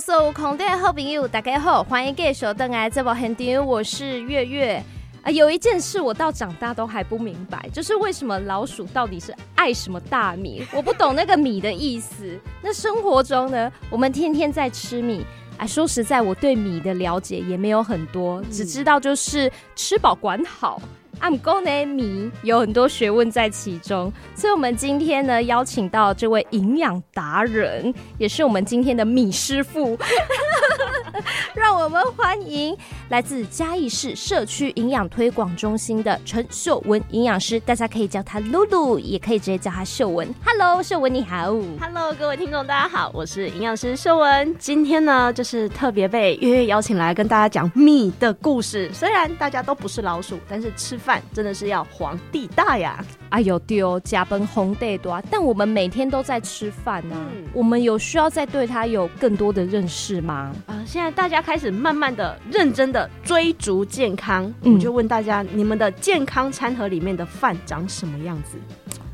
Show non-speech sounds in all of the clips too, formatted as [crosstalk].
So, content, h o p i you, 大家好，歡迎 get 收部 handy，我是月月。啊，有一件事我到長大都還不明白，就是為什麼老鼠到底是愛什麼大米？我不懂那個米的意思。那生活中呢，我們天天在吃米。哎，說實在，我對米的了解也沒有很多，嗯、只知道就是吃飽管好。I'm gonna 米有很多學問在其中，所以，我們今天呢，邀請到這位營養達人，也是我們今天的米師傅， [laughs] [laughs] 讓我們歡迎。來自嘉義市社區營養推廣中心的陳琇雯營養師，大家可以叫她露露，也可以直接叫她琇雯。Hello，琇雯你好。Hello，各位聽眾大家好，我是營養師琇雯。今天呢，就是特別被月月邀請來跟大家講米的故事。雖然大家都不是老鼠，但是吃飯真的是要皇帝大呀。哎呦丟、哦，呷飯皇帝大，但我們每天都在吃飯呢、啊。嗯、我們有需要再對它有更多的認識嗎？啊、呃，現在大家開始慢慢的認真的。追逐健康，我就問大家：嗯、你們的健康餐盒裡面的飯長什麼樣子？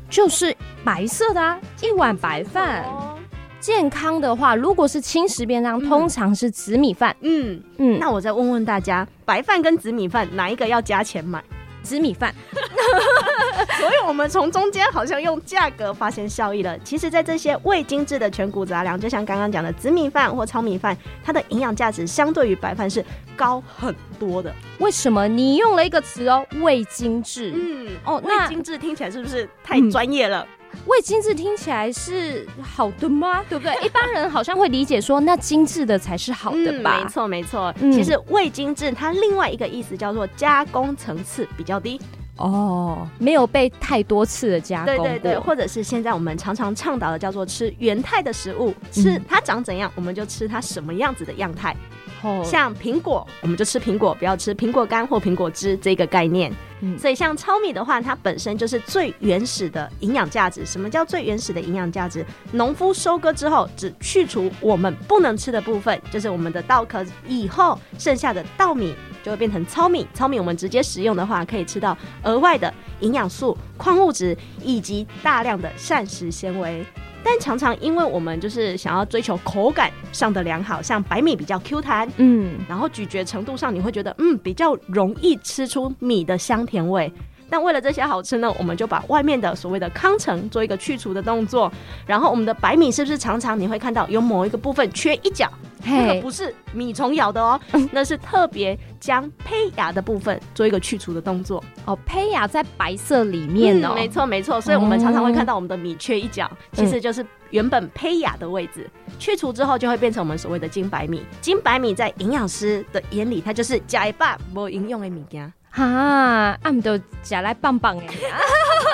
就是白色的啊，一碗白飯。健康，健康的話，如果是輕食便當，通常是紫米飯。嗯嗯，嗯嗯，那我再問問大家：白飯跟紫米飯哪一個要加錢買？紫米飯， [laughs] 所以我們從中間好像用價格發現效益了。其實，在這些未精製的全穀雜糧，就像剛剛講的紫米飯或糙米飯，它的營養價值相對於白飯是高很多的。為什麼？你用了一個詞哦，未精製。嗯，哦，那未精製聽起來是不是太專業了？嗯未精致聽起來是好的嗎？ [laughs] 對不對？一般人好像會理解說，那精緻的才是好的吧？沒錯、嗯、沒錯。沒錯嗯、其實未精致它另外一個意思叫做加工層次比較低哦，沒有被太多次的加工。對對對，或者是現在我們常常倡導的叫做吃原態的食物，吃它長怎樣、嗯、我們就吃它什麼樣子的樣態。哦，像蘋果我們就吃蘋果，不要吃蘋果乾或蘋果汁這個概念。所以，像糙米的話，它本身就是最原始的營養價值。什麼叫最原始的營養價值？農夫收割之後，只去除我們不能吃的部分，就是我們的稻殼，以後剩下的稻米就會變成糙米。糙米我們直接食用的話，可以吃到額外的。營養素、礦物質以及大量的膳食纖維，但常常因為我們就是想要追求口感上的良好，像白米比較 Q 彈，嗯，然後咀嚼程度上你會覺得，嗯，比較容易吃出米的香甜味。但為了這些好吃呢，我們就把外面的所謂的糠層做一個去除的動作。然後我們的白米是不是常常你會看到有某一個部分缺一角？這嘿個不是米蟲咬的哦、喔， [laughs] 那是特別將胚芽的部分做一個去除的動作。哦，胚芽在白色裡面哦。嗯、沒錯沒錯，所以我們常常會看到我們的米缺一角，嗯、其實就是原本胚芽的位置對去除之後，就會變成我們所謂的精白米。精白米在營養師的眼裡，它就是加一把沒營養的米啊，俺們都加來棒棒哎！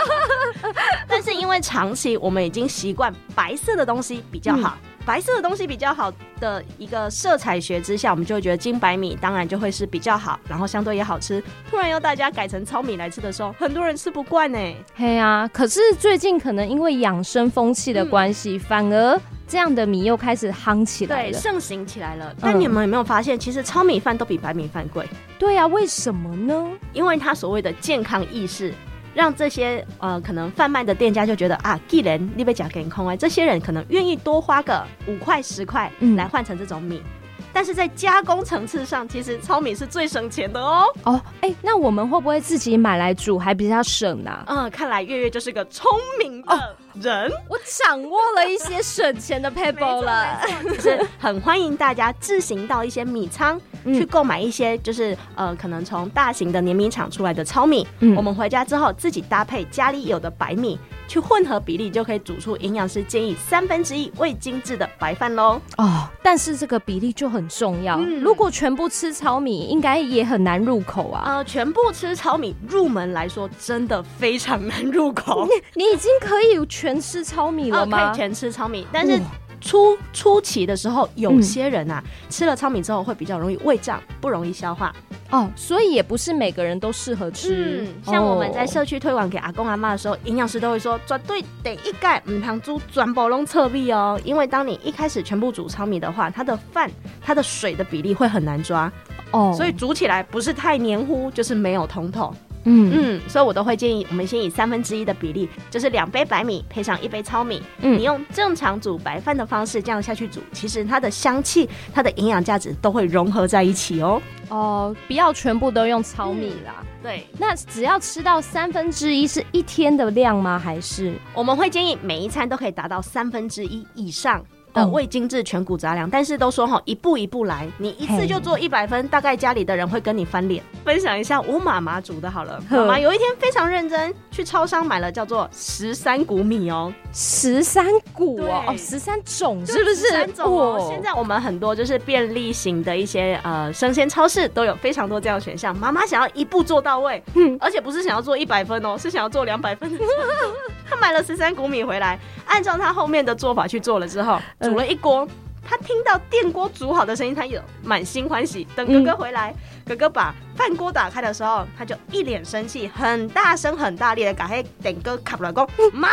[laughs] 但是因為長期我們已經習慣白色的東西比較好，嗯、白色的東西比較好的一個色彩學之下，我們就會覺得精白米當然就會是比較好，然後相對也好吃。突然要大家改成糙米來吃的時候，很多人吃不慣呢。嘿啊，可是最近可能因為養生風氣的關係，嗯、反而。這樣的米又開始夯起來了，對，盛行起來了。那、嗯、你們有沒有發現，其實糙米飯都比白米飯貴？對啊，為什麼呢？因為它所謂的健康意識，讓這些呃可能販賣的店家就覺得啊，既然你要吃健康的哎，這些人可能願意多花個五塊十塊，嗯，來換成這種米。嗯、但是在加工層次上，其實糙米是最省錢的哦。哦、哎、欸，那我們會不會自己買來煮還比較省呢、啊？嗯，看來月月就是個聰明的。哦人，我掌握了一些省錢的 paper 了，就是很歡迎大家自行到一些米倉去購買一些，就是呃，可能從大型的碾米廠出來的糙米。嗯，我們回家之後自己搭配家裡有的白米，去混合比例，就可以煮出營養師建議三分之一未精製的白飯嘍。哦，但是這個比例就很重要。嗯，如果全部吃糙米，應該也很難入口啊。呃，全部吃糙米入門來說，真的非常難入口。你，你已經可以。全吃糙米了嗎？哦，可以全吃糙米，但是初初期的時候，有些人啊、嗯、吃了糙米之後會比較容易胃脹，不容易消化哦，所以也不是每個人都適合吃。嗯，像我們在社區推廣給阿公阿嬤的時候，營養、哦、師都會說，抓對得一蓋五旁豬轉薄籠側壁哦，因為當你一開始全部煮糙米的話，它的飯、它的水的比例會很難抓哦，所以煮起來不是太黏糊，就是沒有通透。嗯嗯，所以我都會建議我們先以三分之一的比例，就是兩杯白米配上一杯糙米。嗯，你用正常煮白飯的方式這樣下去煮，其實它的香氣、它的營養價值都會融合在一起哦。哦、呃，不要全部都用糙米啦。嗯、對，那只要吃到三分之一，是一天的量嗎？還是我們會建議每一餐都可以達到三分之一以上。哦、未精製全穀雜糧，但是都說齁，一步一步來，你一次就做一百分，大概家裡的人會跟你翻臉。分享一下吳媽媽煮的好了，媽媽有一天非常認真去超商買了叫做十三穀米哦、喔，十三穀、喔、對哦，十三種是不是？十三種哦、喔。現在我們很多就是便利型的一些呃生鮮超市都有非常多這樣的選項。媽媽想要一步做到位，嗯，而且不是想要做一百分哦、喔，是想要做兩百分的。她 [laughs] [laughs] 買了十三穀米回來，按照她後面的做法去做了之後。煮了一鍋，他聽到電鍋煮好的聲音，他有滿心歡喜。等哥哥回來，嗯、哥哥把飯鍋打開的時候，他就一臉生氣，很大聲、很大力的打開電鍋，卡出來講：“媽，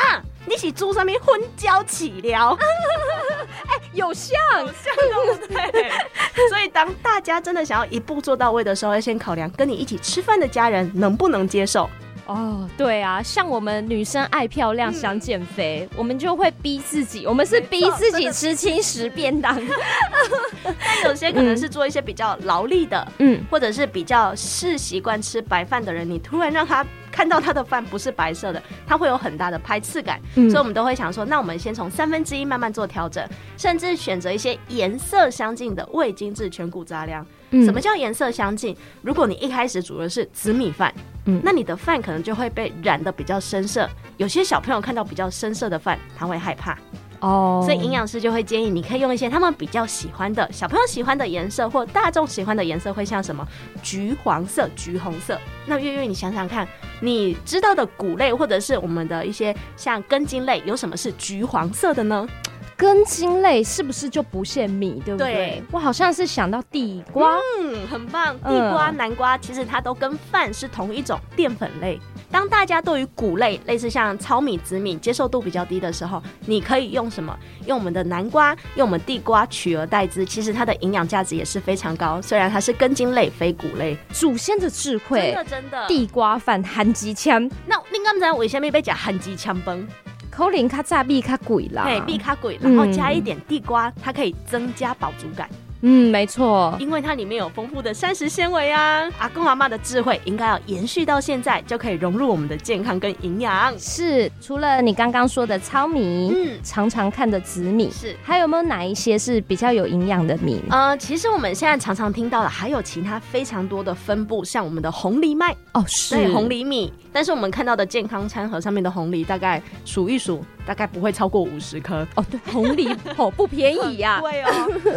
你是煮上面昏椒起了？”哎、啊啊啊啊啊欸，有像、像、啊、對。 [laughs] 所以，當大家真的想要一步做到位的時候，要先考量跟你一起吃飯的家人能不能接受。哦，oh, 對啊，像我們女生愛漂亮，嗯、想減肥，我們就會逼自己，我們是逼自己吃輕食便當。的 [laughs] [laughs] 但有些可能是做一些比較勞力的，嗯，或者是比較是習慣吃白飯的人，你突然讓他看到他的飯不是白色的，他會有很大的排斥感。嗯、所以，我們都會想說，那我們先從三分之一慢慢做調整，甚至選擇一些顏色相近的未精製全穀雜糧。嗯、什麼叫顏色相近？如果你一開始煮的是紫米飯。那你的飯可能就會被染得比較深色，有些小朋友看到比較深色的飯，他會害怕。哦，oh. 所以營養師就會建議你可以用一些他們比較喜歡的小朋友喜歡的顏色或大眾喜歡的顏色，會像什麼橘黃色、橘紅色。那月月，你想想看，你知道的穀類或者是我們的一些像根莖類，有什麼是橘黃色的呢？根莖類是不是就不限米，對不對？對，我好像是想到地瓜。嗯，很棒，地瓜、南瓜其實它都跟飯是同一種澱粉類。當大家對於穀類，類似像糙米、紫米接受度比較低的時候，你可以用什麼？用我們的南瓜，用我們地瓜取而代之。其實它的營養價值也是非常高，雖然它是根莖類，非穀類。祖先的智慧，真的真的。地瓜飯寒雞腔，那你剛才為什麼要吃寒雞腔崩？口糧卡炸米卡貴啦，對，米卡貴，然後加一點地瓜，嗯、它可以增加飽足感。嗯，沒錯，因為它裡面有豐富的膳食纖維啊。阿公阿媽的智慧應該要延續到現在，就可以融入我們的健康跟營養。是，除了你剛剛說的糙米，嗯，常常看的紫米，是，還有沒有哪一些是比較有營養的米？呃、嗯，其實我們現在常常聽到的，還有其他非常多的分布，像我們的紅藜麥哦，是，紅藜米。但是我們看到的健康餐盒上面的紅藜大概數一數。大概不會超過五十顆哦。對，紅藜 [laughs] 哦不便宜呀，啊。貴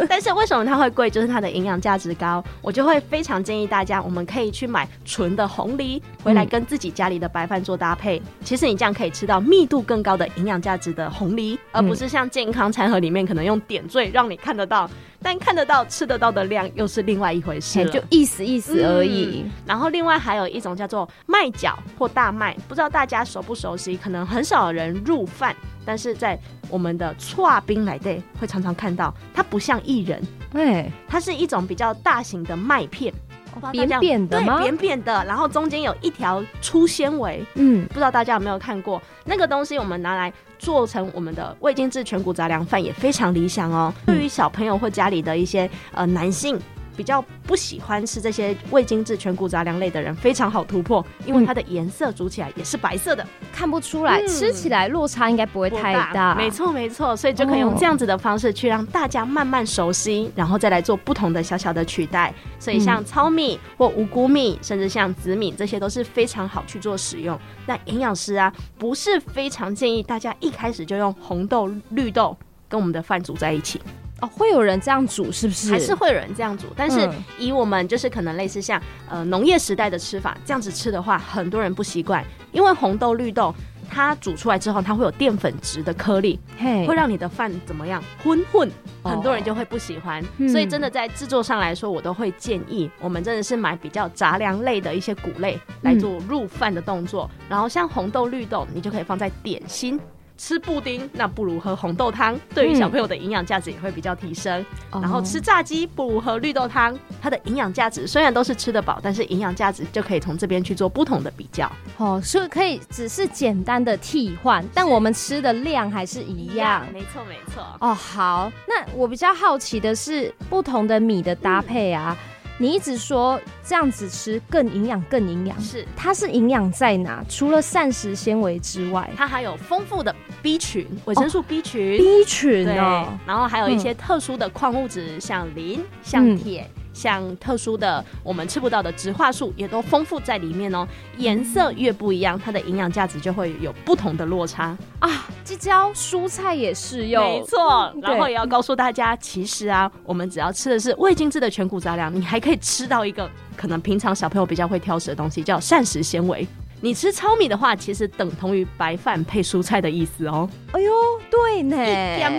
哦。 [laughs] 但是為什麼它會貴？就是它的營養價值高，我就會非常建議大家，我們可以去買純的紅藜回來跟自己家裡的白飯做搭配。嗯、其實你這樣可以吃到密度更高的營養價值的紅藜，而不是像健康餐盒裡面可能用點綴讓你看得到，但看得到吃得到的量又是另外一回事了。嗯欸，就意思意思而已。嗯、然後另外還有一種叫做麥角或大麥，不知道大家熟不熟悉？可能很少人入飯。但是在我們的粗冰來 d 會常常看到，它不像薏仁，欸、它是一種比較大型的麥片，哦、扁扁的嗎對？扁扁的，然後中間有一條粗纖維，嗯，不知道大家有沒有看過那個東西？我們拿來做成我們的未經製全穀雜糧飯也非常理想哦。嗯、對於小朋友或家裡的一些呃男性，比較不喜歡吃這些未精製全穀雜糧類的人非常好突破，因為它的顏色煮起來也是白色的，嗯、看不出來，嗯、吃起來落差應該不會太大。沒錯，沒錯，所以就可以用這樣子的方式去讓大家慢慢熟悉，哦、然後再來做不同的小小的取代。所以像糙米或五穀米，甚至像紫米，這些都是非常好去做使用。那營養師啊，不是非常建議大家一開始就用紅豆、綠豆跟我們的飯煮在一起。哦，會有人這樣煮是不是？還是會有人這樣煮，但是以我們就是可能類似像、嗯、呃農業時代的吃法，這樣子吃的話，很多人不習慣，因為紅豆綠豆它煮出來之後，它會有澱粉質的顆粒，嘿會讓你的飯怎麼樣？混混，很多人就會不喜歡。哦、所以真的在制作上來說，我都會建議、嗯、我們真的是買比較雜糧類的一些穀類來做入飯的動作，嗯、然後像紅豆綠豆，你就可以放在點心。吃布丁，那不如喝紅豆湯，對於小朋友的營養價值也會比較提升。嗯。然後吃炸雞，不如喝綠豆湯，它的營養價值雖然都是吃得飽，但是營養價值就可以從這邊去做不同的比較。哦，所以可以只是簡單的替換，但我們吃的量還是一樣。一樣，沒錯，沒錯。哦，好，那我比較好奇的是不同的米的搭配啊。嗯你一直說這樣子吃更營養，更營養。是，它是營養在哪？除了膳食纖維之外，它還有豐富的 B 群，維生素 B 群、哦、，B 群哦，對。然後還有一些特殊的礦物質、嗯，像磷，像鐵、嗯。像特殊的我們吃不到的植化素也都豐富在裡面哦。顏色越不一樣，它的營養價值就會有不同的落差。啊，即椒、蔬菜也適用，沒錯錯。嗯、然後也要告訴大家，對其實啊，我們只要吃的是未精製的全谷雜糧，你還可以吃到一個可能平常小朋友比較會挑食的東西，叫膳食纖維。你吃糙米的話，其實等同於白飯配蔬菜的意思哦。哎呦，對呢，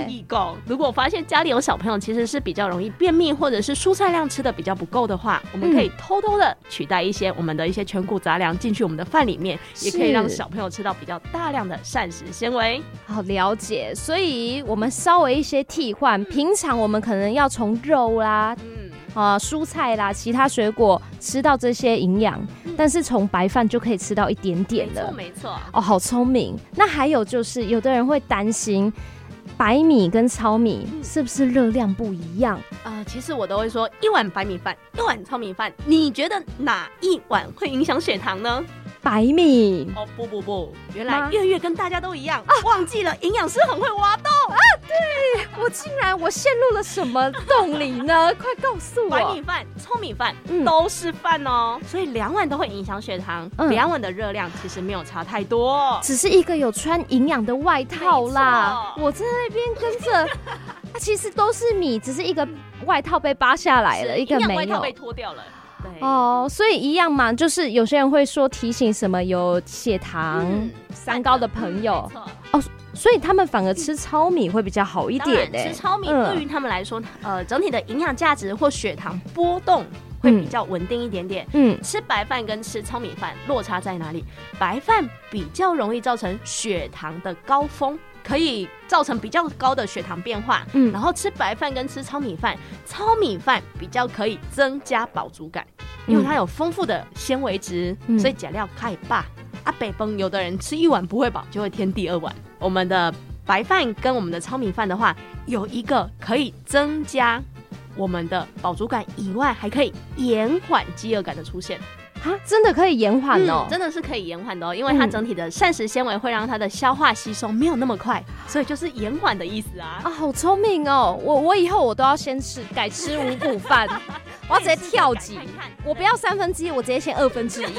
一一如果發現家裡有小朋友其實是比較容易便秘，或者是蔬菜量吃的比較不夠的話，我們可以偷偷的取代一些我們的一些全谷雜糧進去我們的飯裡面，也可以讓小朋友吃到比較大量的膳食纖維。好了解，所以我們稍微一些替換，嗯、平常我們可能要從肉啦。嗯啊、呃，蔬菜啦，其他水果吃到這些營養，嗯、但是從白飯就可以吃到一點點的，沒錯，沒錯。哦，好聰明。那還有就是，有的人會擔心白米跟糙米是不是熱量不一樣？嗯、呃，其實我都會說一碗白米飯，一碗糙米飯，你覺得哪一碗會影響血糖呢？白米哦、oh, 不不不，原來月月跟大家都一樣啊，嗎忘記了營養師很會挖洞啊，對我竟然我陷入了什麼洞裡呢？ [laughs] 快告訴我，白米飯、糙米飯，嗯、都是飯哦、喔，所以兩碗都會影響血糖，兩、嗯、碗的熱量其實沒有差太多，只是一個有穿營養的外套啦。錯我在那邊跟着，它、啊、其實都是米，只是一個外套被扒下來了是一個沒有，營養外套被脫掉了。對哦，所以一樣嘛，就是有些人會說提醒什麼有血糖、嗯、三高的朋友、嗯、哦，所以他們反而吃糙米會比較好一點對。嗯、吃糙米對於他們來說，嗯、呃，整體的營養價值或血糖波動會比較穩定一點點。嗯，嗯吃白飯跟吃糙米飯落差在哪裡？白飯比較容易造成血糖的高峰，可以造成比較高的血糖變化。嗯，然後吃白飯跟吃糙米飯，糙米飯比較可以增加飽足感。因為它有豐富的纖維質，嗯、所以加料太也罷。啊，白飯有的人吃一碗不會飽，就會添第二碗。我們的白飯跟我們的糙米飯的話，有一個可以增加我們的飽足感以外，還可以延緩飢餓感的出現。哈，真的可以延緩哦、喔嗯，真的是可以延緩的哦、喔，因為它整體的膳食纖維會讓它的消化吸收沒有那麼快，所以就是延緩的意思啊。啊，好聰明哦、喔，我我以後我都要先吃，改吃五穀飯。 [laughs] 我要直接跳級，看看我不要三分之一，我直接先二分之一，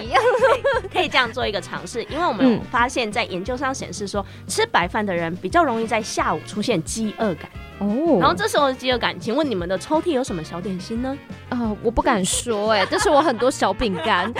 [laughs] 可以這樣做一個嘗試，因為我們有發現，在研究上顯示說，嗯、吃白飯的人比較容易在下午出現飢餓感。哦，然後這時候的飢餓感，請問你們的抽屜有什麼小點心呢？啊、呃，我不敢說、欸，哎，這是我很多小餅乾，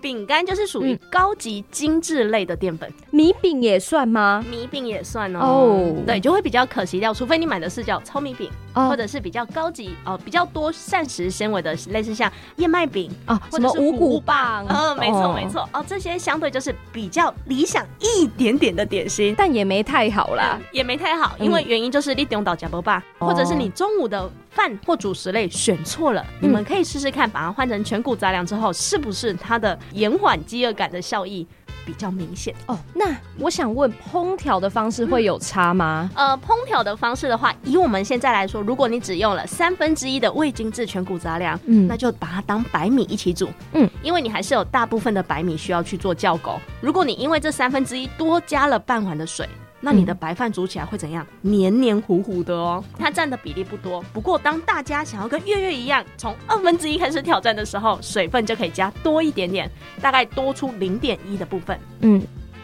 餅乾 [laughs] 就是屬於高級精緻類的澱粉，嗯、米餅也算嗎？米餅也算哦，哦對，就會比較可惜掉，除非你買的是叫糙米餅。或者是比較高級哦，哦，比較多膳食纖維的，類似像燕麥餅啊，哦、或者是五穀棒，嗯、哦，哦、沒錯沒錯，哦，哦，這些相對就是比較理想一點點的點心，但也沒太好啦，嗯、也沒太好，嗯、因為原因就是利東島夾饃吧，哦、或者是你中午的飯或主食類選錯了，嗯、你們可以試試看，把它換成全谷雜糧之後，是不是它的延緩飢餓感的效益？比較明顯哦，oh, 那我想問，烹調的方式會有差嗎？嗯、呃，烹調的方式的話，以我們現在來說，如果你只用了三分之一的未精製全谷雜糧，嗯，那就把它當白米一起煮，嗯，因為你還是有大部分的白米需要去做酵狗。如果你因為這三分之一多加了半碗的水。那你的白飯煮起來會怎樣？嗯、黏黏糊糊的哦。它占的比例不多，不過當大家想要跟月月一樣從二分之一開始挑戰的時候，水分就可以加多一點點，大概多出零點一的部分。嗯，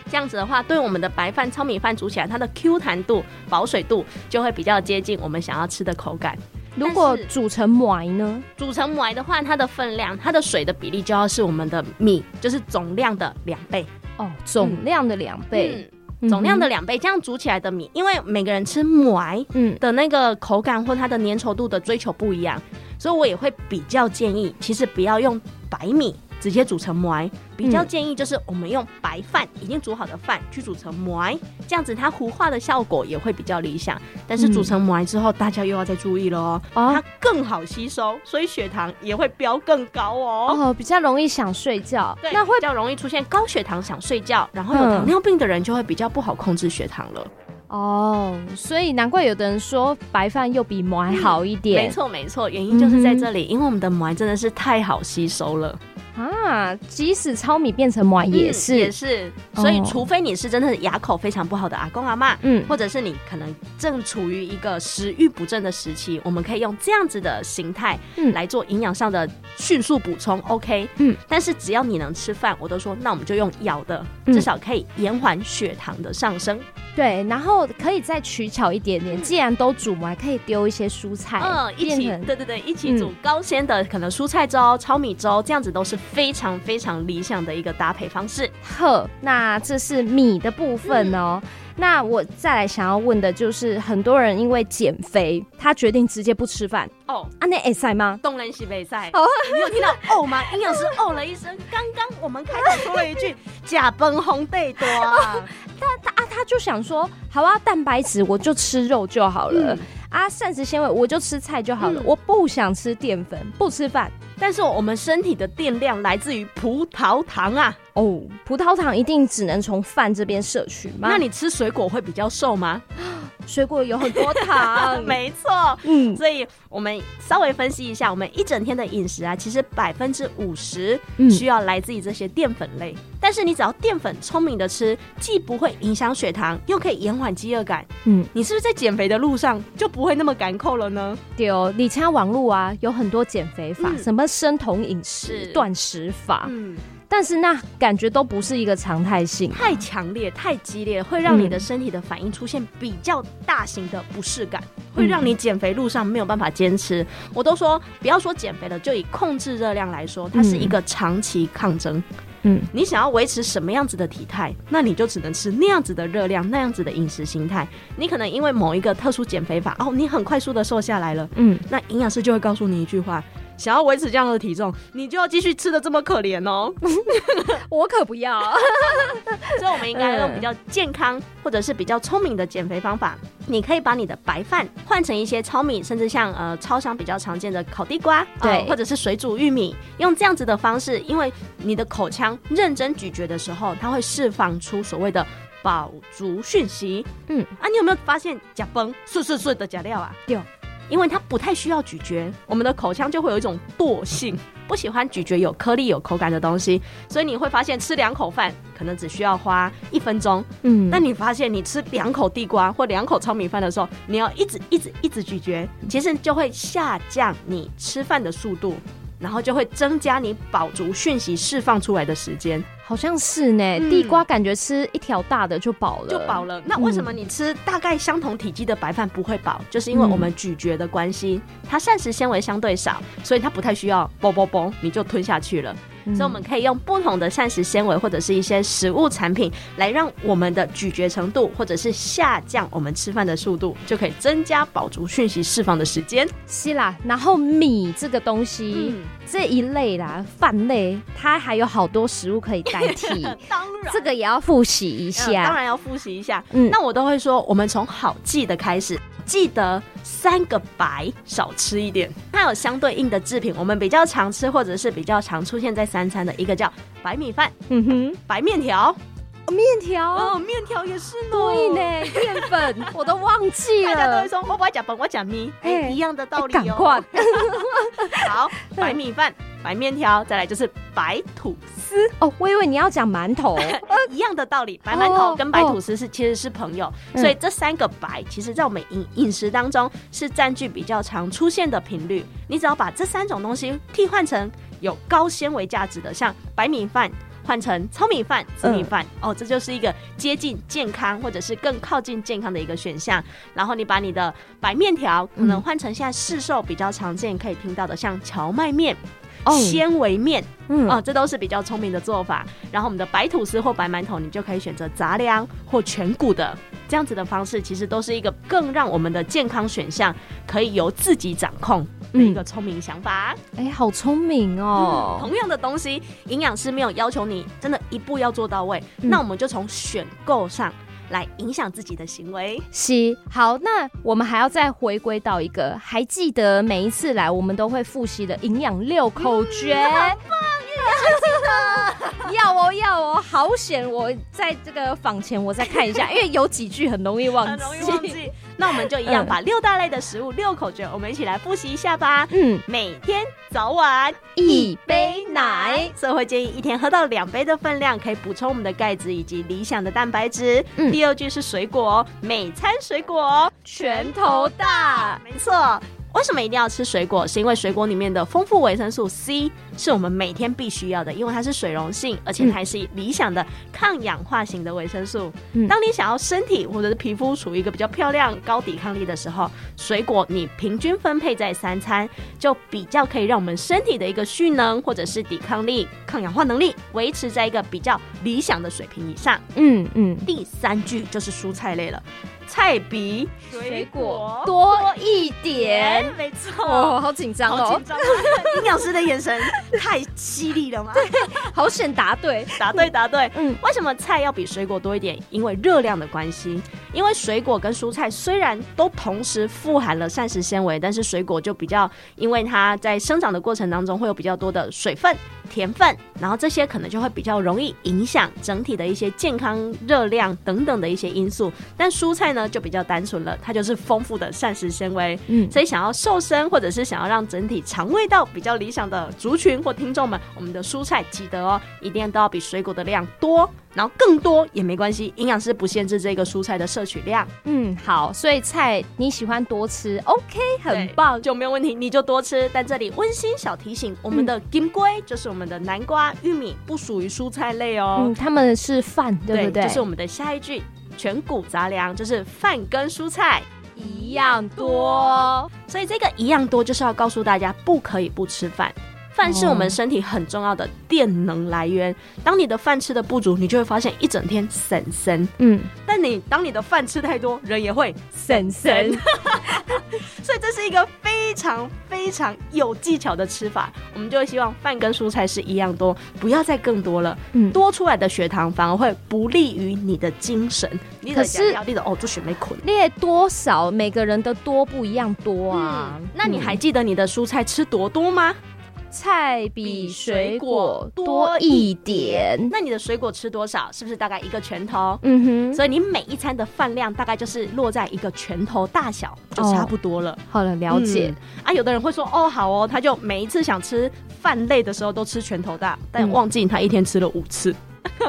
這樣子的話，對我們的白飯、糙米飯煮起來，它的 Q 彈度、保水度就會比較接近我們想要吃的口感。如果煮成糜呢？煮成糜的話，它的分量、它的水的比例就要是我們的米，就是總量的兩倍。哦，總量的兩倍。嗯嗯總量的兩倍，這樣煮起來的米，嗯、哼因為每個人吃米的那個口感或它的粘稠度的追求不一樣，所以我也會比較建議，其實不要用白米。直接煮成糜，比較建議就是我們用白飯，已經煮好的飯去煮成糜，這樣子它糊化的效果也會比較理想。但是煮成糜之後，大家又要再注意了哦，嗯、它更好吸收，所以血糖也會飆更高哦。哦，比較容易想睡覺，對那會比較容易出現高血糖想睡覺，然後有糖尿病的人就會比較不好控制血糖了。嗯、哦，所以難怪有的人說白飯又比糜好一點。沒錯沒錯，原因就是在這裡，嗯、哼因為我們的糜真的是太好吸收了。啊，即使糙米變成麻也是，嗯、也是，所以除非你是真的牙口非常不好的阿公阿嬤，嗯，或者是你可能正處於一個食慾不振的時期，我們可以用這樣子的形態，嗯，來做營養上的迅速補充，OK，嗯，OK, 但是只要你能吃飯，我都說那我們就用咬的，至少可以延緩血糖的上升，嗯，對，然後可以再取巧一點點，既然都煮嘛，還可以丟一些蔬菜，嗯，成一起，對對對，一起煮高纖的，嗯、可能蔬菜粥、糙米粥這樣子都是。非常非常理想的一個搭配方式，呵。那這是米的部分哦，喔。嗯、那我再來想要問的就是，很多人因為減肥，他決定直接不吃飯。哦，啊那哎塞嗎？東南西北塞。哦，你有聽到 [laughs] 哦嗎？營養師哦了一聲。剛剛我們開頭說了一句“假崩 [laughs] 紅貝多、啊哦”，他他啊他就想說，好啊，蛋白質我就吃肉就好了。嗯啊，膳食纖維我就吃菜就好了，嗯、我不想吃澱粉，不吃飯。但是我們身體的電量來自於葡萄糖啊，哦，葡萄糖一定只能從飯這邊攝取嗎？那你吃水果會比較瘦嗎？水果有很多糖， [laughs] 沒錯，嗯，所以我們稍微分析一下，我們一整天的飲食啊，其實百分之五十需要來自於這些澱粉類。嗯、但是你只要澱粉聰明的吃，既不會影響血糖，又可以延緩飢餓感。嗯，你是不是在減肥的路上就？不會那麼趕扣了呢。對哦，你掐網路啊，有很多減肥法，嗯、什麼生酮飲食、斷是食法。嗯但是那感覺都不是一個常態性啊，太強烈、太激烈，會讓你的身體的反應出現比較大型的不適感，嗯，會讓你減肥路上沒有辦法堅持。我都說，不要說減肥了，就以控制熱量來說，它是一個長期抗爭。嗯，你想要維持什麼樣子的體態，那你就只能吃那樣子的熱量，那樣子的飲食心態。你可能因為某一個特殊減肥法哦，你很快速的瘦下來了，嗯，那營養師就會告訴你一句話。想要維持這樣的體重，你就要繼續吃得這麼可憐哦。 [laughs] [laughs] 我可不要哦。 [laughs] [laughs] 所以我們應該用比較健康或者是比較聰明的減肥方法。你可以把你的白飯換成一些糙米，甚至像呃超商比較常見的烤地瓜，對，或者是水煮玉米，用這樣子的方式，因為你的口腔認真咀嚼的時候，它會釋放出所謂的飽足訊息。嗯，啊，你有沒有發現假崩碎碎碎的假料啊？對。因為它不太需要咀嚼，我們的口腔就會有一種惰性，不喜歡咀嚼有顆粒、有口感的東西，所以你會發現吃兩口飯可能只需要花一分鐘。嗯，但你發現你吃兩口地瓜或兩口糙米飯的時候，你要一直一直一直咀嚼，其實就會下降你吃飯的速度，然後就會增加你飽足訊息釋放出來的時間。好像是呢、欸，嗯、地瓜感覺吃一條大的就飽了，就飽了。那為什麼你吃大概相同體積的白飯不會飽？嗯、就是因為我們咀嚼的關係，它膳食纖維相對少，所以它不太需要嘣嘣嘣，你就吞下去了。所以我們可以用不同的膳食纖維或者是一些食物產品來讓我們的咀嚼程度或者是下降我們吃飯的速度，就可以增加飽足訊息釋放的時間。是啦，然後米這個東西、嗯、這一類啦飯類，它還有好多食物可以代替， [laughs] 當然這個也要複習一下、嗯，當然要複習一下。嗯，那我都會說，我們從好記的開始。記得三個白少吃一點，它有相對應的製品。我們比較常吃，或者是比較常出現在三餐的一個叫白米飯，嗯哼，白麵條，哦、麵條，哦，麵條也是呢、哦，對呢，麵粉， [laughs] 我都忘記了。大家都會說我講粉，我講米，哎，哎，一樣的道理哦。趕快同樣， [laughs] 好，白米飯。白麵條，再來就是白吐司。哦，我以為你要講饅頭， [laughs] 一樣的道理，白饅頭跟白吐司是、哦、其實是朋友。嗯、所以這三個白，其實在我們飲飲食當中是佔據比較常出現的頻率。你只要把這三種東西替換成有高纖維價值的，像白米飯換成糙米飯、紫米飯，嗯、哦，這就是一個接近健康或者是更靠近健康的一個選項。然後你把你的白麵條可能換成現在市售比較常見可以聽到的像，像蕎麥麵。纖維麵、oh, 麵，嗯啊，這都是比較聰明的做法。然後我們的白吐司或白饅頭，你就可以選擇雜糧或全穀的這樣子的方式，其實都是一個更讓我們的健康選項可以由自己掌控的一個聰明想法。哎、嗯欸，好聰明哦、嗯！同樣的東西，營養師沒有要求你真的一步要做到位，嗯、那我們就從選購上。來影響自己的行為，是好。那我們還要再回歸到一個，還記得每一次來我們都會複習的營養六口訣。嗯 [laughs] 要哦要哦，好險！我在這個訪前我再看一下， [laughs] 因為有幾句很容易忘記。忘記 [laughs] 那我們就一樣，把六大類的食物六口訣，我們一起來複習一下吧。嗯，每天早晚一杯奶，所以我會建議一天喝到兩杯的分量，可以補充我們的鈣質以及理想的蛋白質。嗯，第二句是水果，哦，每餐水果哦，拳頭大，沒錯。為什麼一定要吃水果？是因為水果裡面的豐富維生素 C 是我們每天必須要的，因為它是水溶性，而且它還是理想的抗氧化型的維生素。嗯、當你想要身體或者是皮膚處於一個比較漂亮、高抵抗力的時候，水果你平均分配在三餐，就比較可以讓我們身體的一個蓄能，或者是抵抗力、抗氧化能力維持在一個比較理想的水平以上。嗯嗯，第三句就是蔬菜類了。菜比水果多一點，一點沒錯、哦，好緊張哦！老、啊、 [laughs] 營養師的眼神太犀利了嗎？好，選答對，答對,答對，答對，嗯，為什麼菜要比水果多一點？因為熱量的關係。因為水果跟蔬菜雖然都同時富含了膳食纖維，但是水果就比較，因為它在生長的過程當中會有比較多的水分、甜分，然後這些可能就會比較容易影響整體的一些健康、熱量等等的一些因素。但蔬菜呢就比較單純了，它就是豐富的膳食纖維。嗯，所以想要瘦身或者是想要讓整體腸胃道比較理想的族群或聽眾們，我們的蔬菜記得哦，一定要都要比水果的量多，然後更多也沒關係，營養師不限制這個蔬菜的。攝取量，嗯，好，所以菜你喜歡多吃，OK，很棒，就沒有問題，你就多吃。但這裡溫馨小提醒，我們的金龜、嗯、就是我們的南瓜、玉米，不屬於蔬菜類哦，嗯、他們是飯，對不對，對？就是我們的下一句，全穀雜糧，就是飯跟蔬菜一樣，一樣多，所以這個一樣多就是要告訴大家，不可以不吃飯。飯是我們身體很重要的電能來源。嗯，當你的飯吃的不足，你就會發現一整天神神。嗯，但你當你的飯吃太多，人也會神神。生生 [laughs] 所以這是一個非常非常有技巧的吃法。我們就會希望飯跟蔬菜是一樣多，不要再更多了。嗯，多出來的血糖反而會不利於你的精神。你可是列的，要的哦，做雪沒捆列多少，每個人的多不一樣多啊，嗯。那你還記得你的蔬菜吃多多嗎？嗯嗯菜比水果多一點，一點，那你的水果吃多少？是不是大概一個拳頭？嗯哼，所以你每一餐的飯量大概就是落在一個拳頭大小，就差不多了。哦、好了，了解、嗯。啊，有的人會說，哦，好哦，他就每一次想吃飯類的時候都吃拳頭大，但、嗯、忘記他一天吃了五次。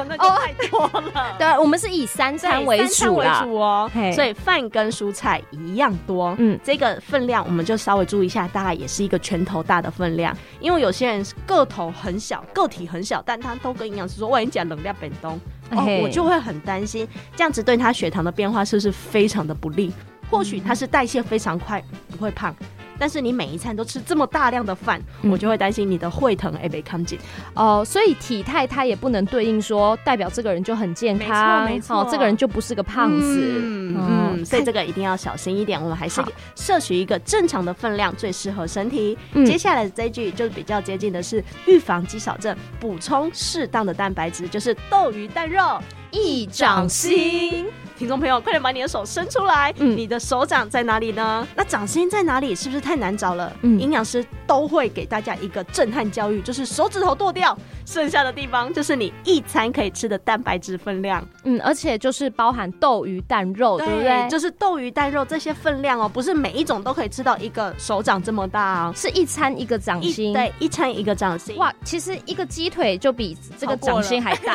哦，太多了，oh, [laughs] 對，我們是以三餐為主哦。主喔，所以飯跟蔬菜一樣多，嗯嘿，這個分量我們就稍微注意一下，嗯，大概也是一個拳頭大的分量，因為有些人個頭很小，個體很小，但他都跟營養師說，我跟你講能量變動，哦，嘿我就會很擔心，這樣子對他血糖的變化是不是非常的不利？或許他是代謝非常快，不會胖。嗯但是你每一餐都吃這麼大量的飯，嗯、我就會擔心你的胃疼。哎被看見哦，所以體態它也不能對應說代表這個人就很健康，沒錯，沒錯、哦，這個人就不是個胖子。嗯，嗯嗯所以這個一定要小心一點。看我們還是攝取一個正常的分量，好最適合身體。嗯、接下來的這一句就比較接近的是預防肌少症，補充適當的蛋白質，就是豆魚蛋肉一掌心。聽眾朋友，快點把你的手伸出來，嗯、你的手掌在哪裡呢？那掌心在哪裡？是不是太難找了？嗯、營養師都會給大家一個震撼教育，就是手指頭剁掉，剩下的地方就是你一餐可以吃的蛋白質分量。嗯，而且就是包含豆魚蛋肉，對不對？對就是豆魚蛋肉這些分量哦、喔，不是每一種都可以吃到一個手掌這麼大哦、啊，是一餐一個掌心，對，一餐一個掌心。哇，其實一個雞腿就比這個掌心還大，過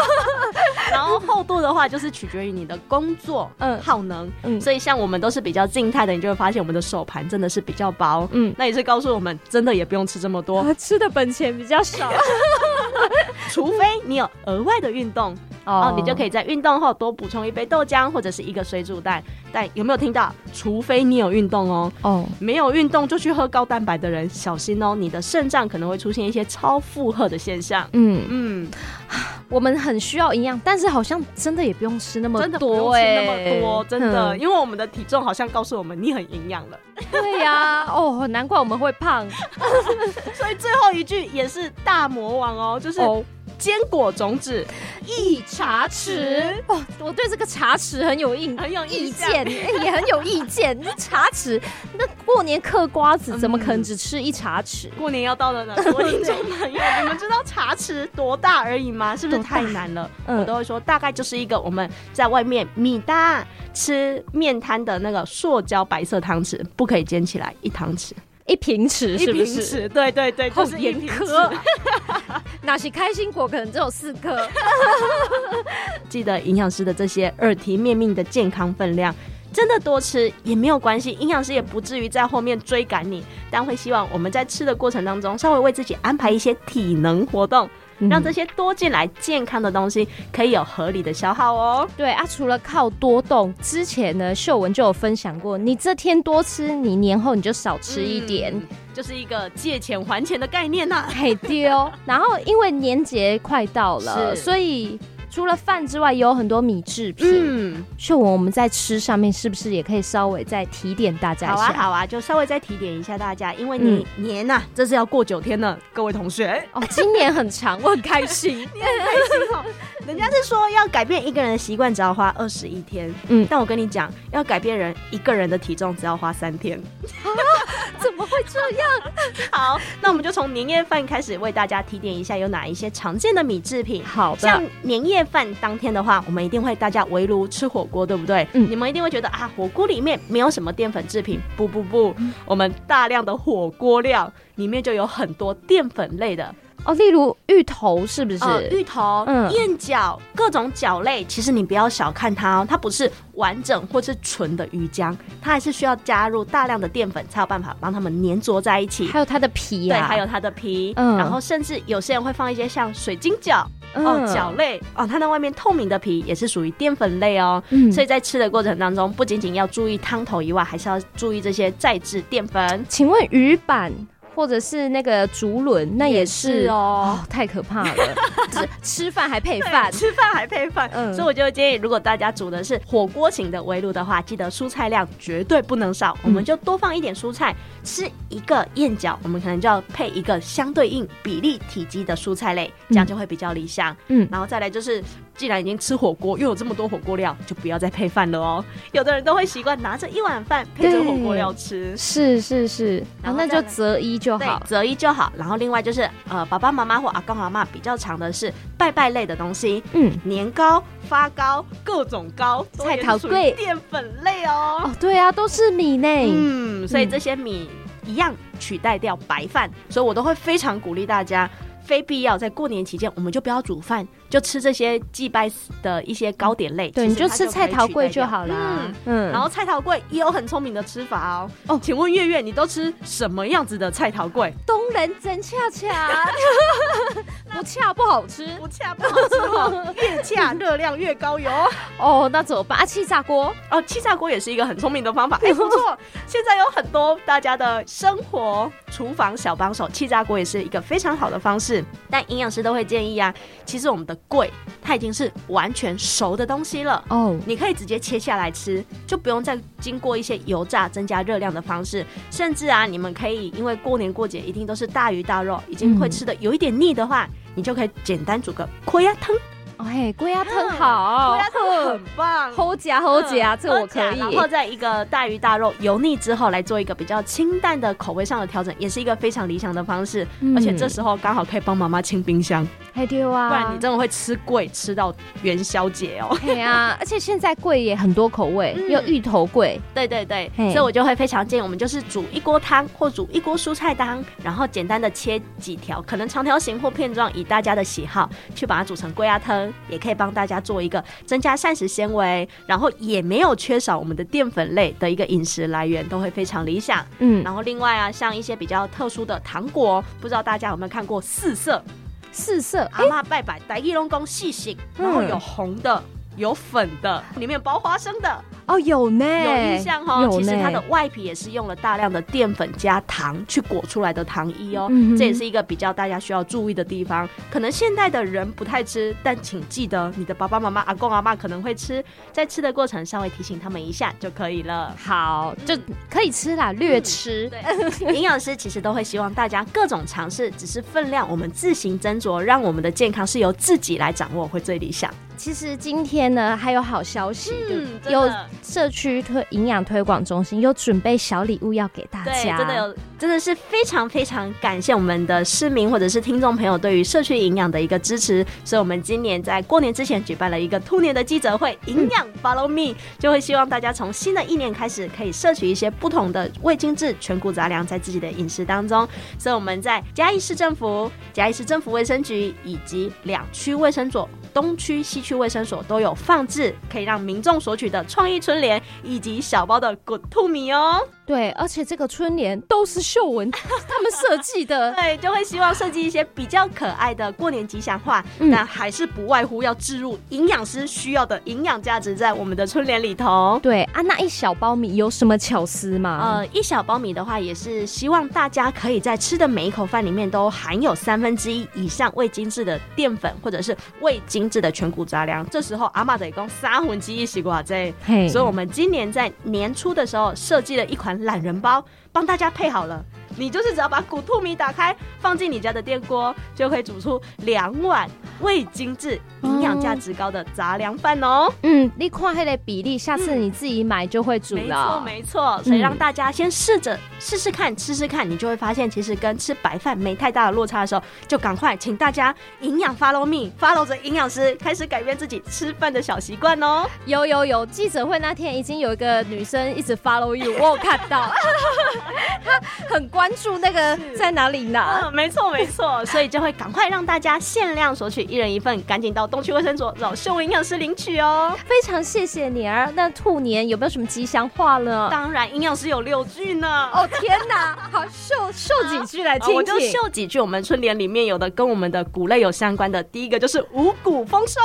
[laughs] [laughs] 然後厚度的話就是取決於你的。工作，嗯，耗能，嗯，所以像我們都是比較靜態的，你就會發現我們的手盤真的是比較薄，嗯，那也是告訴我們，真的也不用吃這麼多，吃的本錢比較少， [laughs] [laughs] 除非你有額外的運動。Oh. 哦，你就可以在運動後多補充一杯豆漿或者是一個水煮蛋。但有沒有聽到？除非你有運動哦。哦，oh. 沒有運動就去喝高蛋白的人小心哦，你的腎臟可能會出現一些超負荷的現象。嗯嗯，嗯我們很需要營養，但是好像真的也不用吃那麼多、欸、不用吃那麼多真的，嗯、因為我們的體重好像告訴我們你很營養了。 [laughs] 對呀、啊，哦，難怪我們會胖。 [laughs] 所以最後一句也是大魔王哦，就是堅果種子。一茶匙，茶匙哦，我對這個茶匙很有印，很有意見，也很有意見。那 [laughs] 茶匙，那過年嗑瓜子怎麼可能只吃一茶匙？嗯、過年要到了呢？我聽眾朋友， [laughs] 對 你們知道茶匙多大而已嗎？是不是太難了？大我都會說，大概就是一個我們在外面米大吃麵攤的那個塑膠白色湯匙，不可以撿起來一湯匙。一瓶吃是不是？對對對，啊、就是一瓶吃。那些 [laughs] 開心果可能只有四顆。 [laughs] 記得營養師的這些耳提面命的健康分量，真的多吃也沒有關係，營養師也不至於在後面追趕你，但會希望我們在吃的過程當中，稍微為自己安排一些體能活動。嗯、讓這些多進來健康的東西可以有合理的消耗哦。對啊，除了靠多動，之前呢琇雯就有分享過，你這天多吃，你年後你就少吃一點，嗯、就是一個借錢還錢的概念吶、啊。 [laughs] 對丟、哦、然後因為年節快到了，是所以。除了飯之外，也有很多米製品。琇雯，嗯，我們在吃上面是不是也可以稍微再提點大家一下？好啊，好啊，就稍微再提點一下大家，因為你年吶，啊，嗯、這是要過九天了，各位同學哦，今年很長，我很開心， [laughs] 你很開心哦。 [laughs] 人家是說要改變一個人的習慣，只要花二十一天。嗯，但我跟你講，要改變人一個人的體重，只要花三天，啊。怎麼會這樣？ [laughs] 好，那我們就從年夜飯開始，為大家提點一下有哪一些常見的米製品。好的像年夜。飯當天的話，我們一定會大家圍爐吃火鍋，對不對？嗯，你們一定會覺得啊，火鍋裡面沒有什麼澱粉制品。不不不，嗯、我們大量的火鍋料裡面就有很多澱粉類的哦，例如芋頭，是不是？呃、芋頭，嗯，燕餃，各種餃類，其實你不要小看它哦，它不是完整或是純的魚漿，它還是需要加入大量的澱粉才有辦法幫它們粘着在一起。還有它的皮、啊，對，還有它的皮，嗯，然後甚至有些人會放一些像水晶餃。哦，餃類哦，它那外面透明的皮也是屬於澱粉類哦，嗯，所以在吃的過程當中，不僅僅要注意湯頭以外，還是要注意這些再制澱粉。請問魚板？或者是那個竹輪，那也是，也是哦，哦，太可怕了！ [laughs] 吃吃飯還配飯，吃飯還配飯，嗯，所以我就建議，如果大家煮的是火鍋型的圍爐的話，記得蔬菜量絕對不能少，我們就多放一點蔬菜。嗯，吃一個燕餃，我們可能就要配一個相對應比例體積的蔬菜類，這樣就會比較理想。嗯，然後再來就是。既然已經吃火鍋，又有這麼多火鍋料，就不要再配飯了哦、喔。有的人都會習慣拿着一碗飯配着火鍋料吃，是是是，然後、啊、那就擇一就好，擇一就好。然後另外就是，呃，爸爸媽媽或阿公阿媽比較常的是拜拜類的東西，嗯，年糕、發糕、各種糕、都澱喔、菜頭粿澱粉類哦。哦，對啊，都是米呢。嗯，所以這些米一樣取代掉白飯，嗯、所以我都會非常鼓勵大家。非必要，在過年期間，我們就不要煮飯，就吃這些祭拜的一些糕點類。嗯、對，就你就吃菜頭粿就好了。嗯嗯。嗯然後菜頭粿也有很聰明的吃法哦。哦，請問月月，你都吃什麼樣子的菜頭粿？東人真恰恰， [laughs] [laughs] 不恰不好吃，不恰不好吃、哦， [laughs] 越恰熱量越高喲。 [laughs] 哦，那怎麼辦？啊、氣炸鍋？哦、啊，氣炸鍋也是一個很聰明的方法。哎、 [laughs] 欸，不錯。 [laughs] 現在有很多大家的生活廚房小幫手，氣炸鍋也是一個非常好的方式。但營養師都會建議啊，其實我們的粿它已經是完全熟的東西了哦，oh. 你可以直接切下來吃，就不用再經過一些油炸增加熱量的方式。甚至啊，你們可以因為過年過節一定都是大魚大肉，已經會吃的有一點膩的話，嗯、你就可以簡單煮個粿仔湯。哎，龜鴨、哦、湯好、哦，龜鴨湯很棒，齁夾齁夾，啊！這、嗯、我可以。然後在一個大魚大肉油膩之後，來做一個比較清淡的口味上的調整，也是一個非常理想的方式。嗯、而且這時候剛好可以幫媽媽清冰箱。Hey, 啊、不然你真的會吃粿，吃到元宵節哦。對啊，而且現在粿也很多口味，嗯、又芋頭粿，對對對，嘿所以我就會非常建議我們就是煮一鍋湯或煮一鍋蔬菜湯，然後簡單的切幾條，可能長條形或片狀，以大家的喜好去把它煮成粿仔湯，也可以幫大家做一個增加膳食纖維，然後也沒有缺少我們的澱粉類的一個飲食來源，都會非常理想。嗯，然後另外啊，像一些比較特殊的糖果，不知道大家有沒有看過四色。四色，欸、阿媽拜拜，台語攏講四色，然後有紅的。嗯有粉的，裡面包花生的哦，有呢，有印象哦。內其實它的外皮也是用了大量的澱粉加糖去裹出來的糖衣哦，嗯、哼這也是一個比較大家需要注意的地方。可能現代的人不太吃，但請記得你的爸爸媽媽、阿公阿媽可能會吃，在吃的過程稍微提醒他們一下就可以了。好，就、嗯、可以吃啦，略吃。嗯、對 [laughs] 營養師其實都會希望大家各種嘗試，只是分量我們自行斟酌，讓我們的健康是由自己來掌握會最理想。其實今天呢，還有好消息，嗯，有社區推營養推廣中心有準備小禮物要給大家，對，真的有，真的是非常非常感謝我們的市民或者是聽眾朋友對於社區營養的一個支持，所以我們今年在過年之前舉辦了一個兔年的記者會，營養、嗯、Follow Me 就會希望大家從新的一年開始可以攝取一些不同的未精製全谷雜糧在自己的飲食當中，所以我們在嘉義市政府、嘉義市政府衛生局以及兩區衛生所。東區、西區衛生所都有放置可以讓民眾索取的創意春聯以及小包的穀兔米哦。對，而且這個春聯都是琇雯他們設計的， [laughs] 對，就會希望設計一些比較可愛的過年吉祥話。那、嗯、還是不外乎要置入營養師需要的營養價值在我們的春聯裡頭。對，啊，那一小包米有什麼巧思嗎？呃，一小包米的話，也是希望大家可以在吃的每一口飯裡面都含有三分之一以上未精製的澱粉或者是未精製的全穀雜糧。這時候阿嬤得講三魂雞一西瓜仔，嘿所以我們今年在年初的時候設計了一款。懶人包幫大家配好了，你就是只要把穀兔米打開，放進你家的電鍋，就可以煮出兩碗味精致，營養價值高的雜糧飯哦，嗯，你跨黑的比例，下次你自己買就會煮了。沒錯、嗯，沒錯，所以讓大家先試着試試看，吃吃看，你就會發現其實跟吃白飯沒太大的落差的時候，就趕快請大家營養 follow me，follow 着營養師開始改變自己吃飯的小習慣哦。有有有，記者會那天已經有一個女生一直 follow you，我有看到、 [laughs] 啊，她很關注那個在哪裡拿、啊、沒錯沒錯，所以就會趕快讓大家限量索取，一人一份，趕緊到。去衛生所找秀營養師領取哦。非常謝謝你兒，那兔年有沒有什麼吉祥話呢？當然，營養師有六句呢。哦天哪，好秀 [laughs] 秀幾句來聽聽。哦，我就秀幾句，我們春聯裡面有的跟我們的穀類有相關的。第一個就是五谷豐收，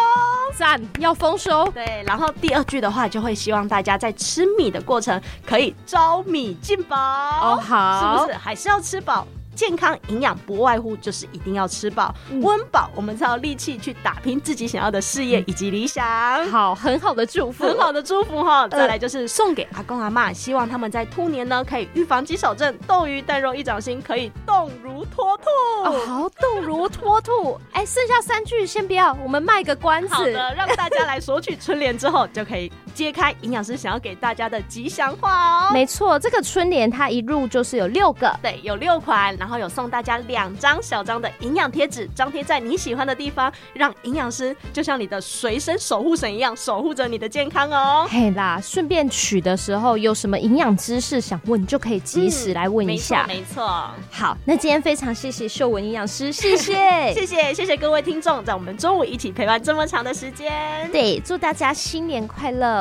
讚，要豐收。對，然後第二句的話，就會希望大家在吃米的過程可以招米進寶。哦好，是不是還是要吃飽？健康營養不外乎就是一定要吃飽，溫飽、嗯。我們才有力氣去打拼自己想要的事業以及理想。嗯、好，很好的祝福，很好的祝福哈。呃、再來就是送給阿公阿嬤，希望他們在兔年呢可以預防肌少症，斗魚蛋肉一掌心，可以動如脫兔、哦。好，動如脫兔。哎、 [laughs] 欸，剩下三句先不要，我們賣個關子，好的，讓大家來索取春聯之後 [laughs] 就可以。揭開營養師想要給大家的吉祥話哦！沒錯，這個春聯它一入就是有六個，對，有六款，然後有送大家兩張小張的營養貼紙，張貼在你喜歡的地方，讓營養師就像你的隨身守護神一樣，守護着你的健康哦！嘿啦，順便取的時候有什麼營養知識想問，就可以及時來問一下。嗯，沒錯，沒錯。好，那今天非常謝謝琇雯營養師，謝謝， [laughs] 謝謝，謝謝各位聽眾，在我們中午一起陪伴這麼長的時間。對，祝大家新年快樂！